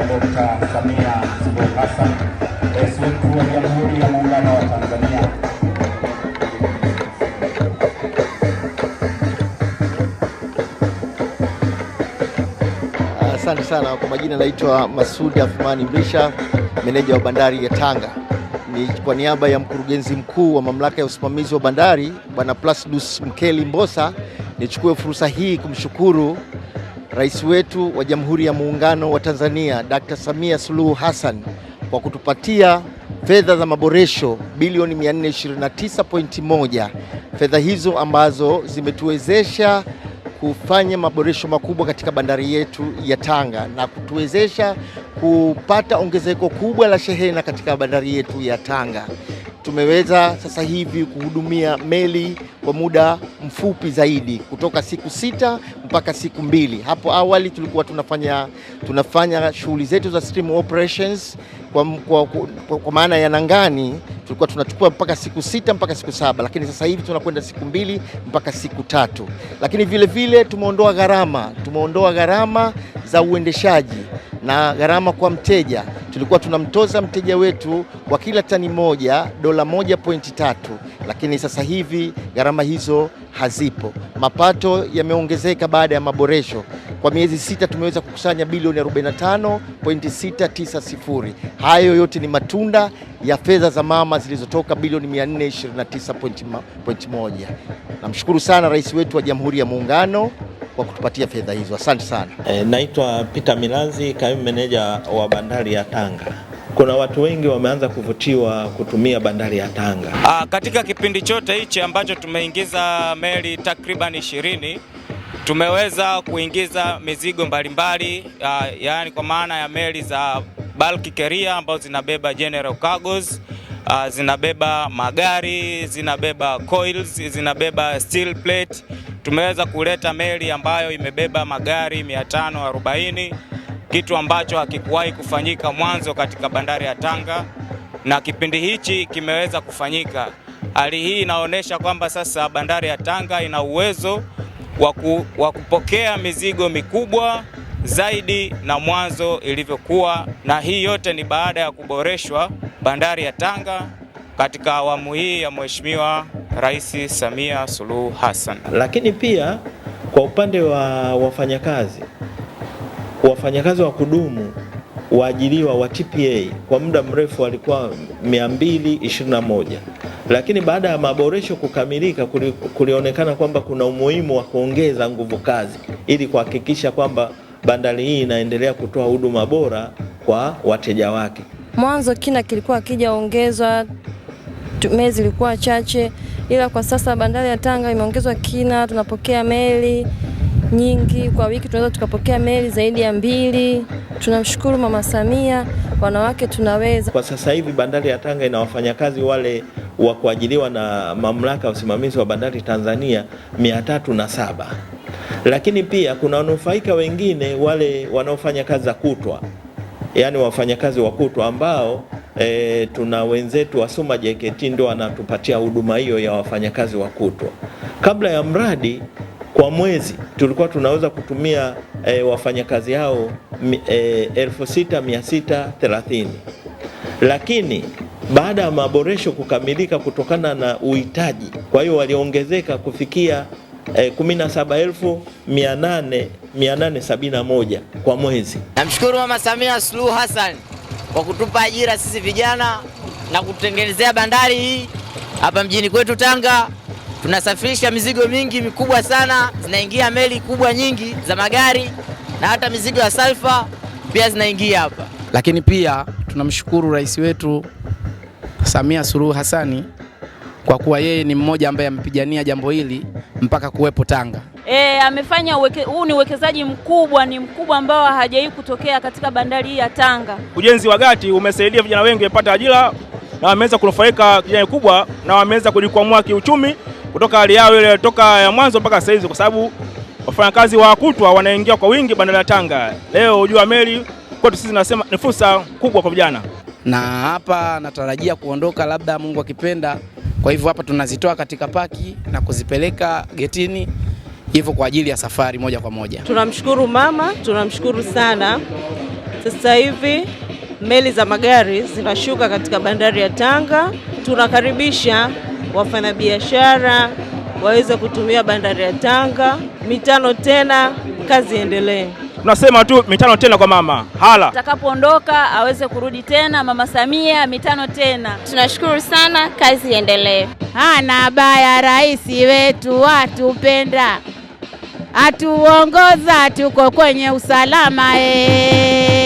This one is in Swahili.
Mheshimiwa Dr. Samia Suluhu Hassan, Rais wetu wa Jamhuri ya Muungano wa Tanzania. Asante sana. Kwa majina naitwa Masudi athmani Mrisha, meneja wa bandari ya Tanga. Ni kwa niaba ya mkurugenzi mkuu wa mamlaka ya usimamizi wa bandari Bwana plasidus Mkeli Mbosa, nichukue fursa hii kumshukuru Rais wetu wa Jamhuri ya Muungano wa Tanzania Dr. Samia Suluhu Hassan kwa kutupatia fedha za maboresho bilioni 429.1, fedha hizo ambazo zimetuwezesha kufanya maboresho makubwa katika bandari yetu ya Tanga na kutuwezesha kupata ongezeko kubwa la shehena katika bandari yetu ya Tanga. Tumeweza sasa hivi kuhudumia meli kwa muda mfupi zaidi kutoka siku sita mpaka siku mbili. Hapo awali tulikuwa tunafanya, tunafanya shughuli zetu za stream operations kwa, kwa, kwa, kwa maana ya nangani tulikuwa tunachukua mpaka siku sita mpaka siku saba, lakini sasa hivi tunakwenda siku mbili mpaka siku tatu. Lakini vile vile tumeondoa gharama, tumeondoa gharama za uendeshaji na gharama kwa mteja. Tulikuwa tunamtoza mteja wetu kwa kila tani moja dola moja pointi tatu, lakini sasa hivi gharama hizo hazipo. Mapato yameongezeka baada ya maboresho. Kwa miezi sita tumeweza kukusanya bilioni 45.690. Hayo yote ni matunda ya fedha za mama zilizotoka bilioni 429.1. Namshukuru sana Rais wetu wa Jamhuri ya Muungano kwa kutupatia fedha hizo. Asante sana. E, naitwa Peter milazi kaimu meneja wa bandari ya Tanga kuna watu wengi wameanza kuvutiwa kutumia bandari ya Tanga. Aa, ah, katika kipindi chote hichi ambacho tumeingiza meli takriban ishirini tumeweza kuingiza mizigo mbalimbali, ah, yaani kwa maana ya meli za bulk carrier ambazo zinabeba general cargos aa, ah, zinabeba magari, zinabeba coils, zinabeba steel plate. Tumeweza kuleta meli ambayo imebeba magari 540 kitu ambacho hakikuwahi kufanyika mwanzo katika bandari ya Tanga, na kipindi hichi kimeweza kufanyika. Hali hii inaonyesha kwamba sasa bandari ya Tanga ina uwezo wa kupokea mizigo mikubwa zaidi na mwanzo ilivyokuwa, na hii yote ni baada ya kuboreshwa bandari ya Tanga katika awamu hii ya Mheshimiwa Rais Samia Suluhu Hassan. Lakini pia kwa upande wa wafanyakazi wafanyakazi wa kudumu waajiriwa wa TPA kwa muda mrefu walikuwa 221 lakini baada ya maboresho kukamilika kuli, kulionekana kwamba kuna umuhimu wa kuongeza nguvu kazi ili kuhakikisha kwamba bandari hii inaendelea kutoa huduma bora kwa wateja wake. Mwanzo kina kilikuwa akijaongezwa, meli zilikuwa chache, ila kwa sasa bandari ya Tanga imeongezwa kina, tunapokea meli nyingi. Kwa wiki tunaweza tukapokea meli zaidi ya mbili. Tunamshukuru Mama Samia, wanawake tunaweza. Kwa sasa hivi bandari ya Tanga ina wafanyakazi wale wa kuajiliwa na mamlaka ya usimamizi wa bandari Tanzania mia tatu na saba, lakini pia kuna wanufaika wengine wale wanaofanya kazi za kutwa, yaani wafanyakazi wa kutwa ambao E, tuna wenzetu wa Suma JKT ndio wanatupatia huduma hiyo ya wafanyakazi wa kutwa. Kabla ya mradi kwa mwezi tulikuwa tunaweza kutumia e, wafanyakazi hao e, eh, 6630 lakini baada ya maboresho kukamilika kutokana na uhitaji, kwa hiyo waliongezeka kufikia eh, e, 17871 kwa mwezi. Namshukuru Mama Samia Suluhu Hassan kwa kutupa ajira sisi vijana na kutengenezea bandari hii hapa mjini kwetu Tanga tunasafirisha mizigo mingi mikubwa sana, zinaingia meli kubwa nyingi za magari na hata mizigo ya salfa pia zinaingia hapa. Lakini pia tunamshukuru rais wetu Samia Suluhu Hassani kwa kuwa yeye ni mmoja ambaye amepigania jambo hili mpaka kuwepo Tanga. E, amefanya weke, huu ni uwekezaji mkubwa, ni mkubwa ambao hajawahi kutokea katika bandari hii ya Tanga. Ujenzi wa gati umesaidia vijana wengi kupata ajira na wameweza kunufaika kijana kubwa na wameweza kujikwamua kiuchumi kutoka hali yao ile toka ya mwanzo mpaka sasa hizi, kwa sababu wafanyakazi wa kutwa wanaingia kwa wingi bandari ya Tanga. Leo jua meli kwetu sisi nasema ni fursa kubwa kwa vijana, na hapa natarajia kuondoka labda Mungu akipenda. Kwa hivyo hapa tunazitoa katika paki na kuzipeleka getini hivyo kwa ajili ya safari moja kwa moja. Tunamshukuru mama, tunamshukuru sana. Sasa hivi meli za magari zinashuka katika bandari ya Tanga, tunakaribisha wafanyabiashara waweze kutumia bandari ya Tanga. Mitano tena, kazi endelee Tunasema tu mitano tena kwa mama hala, atakapoondoka aweze kurudi tena. Mama Samia, mitano tena. Tunashukuru sana, kazi iendelee. Hana baya rais wetu, watupenda, atuongoza, tuko kwenye usalama ee.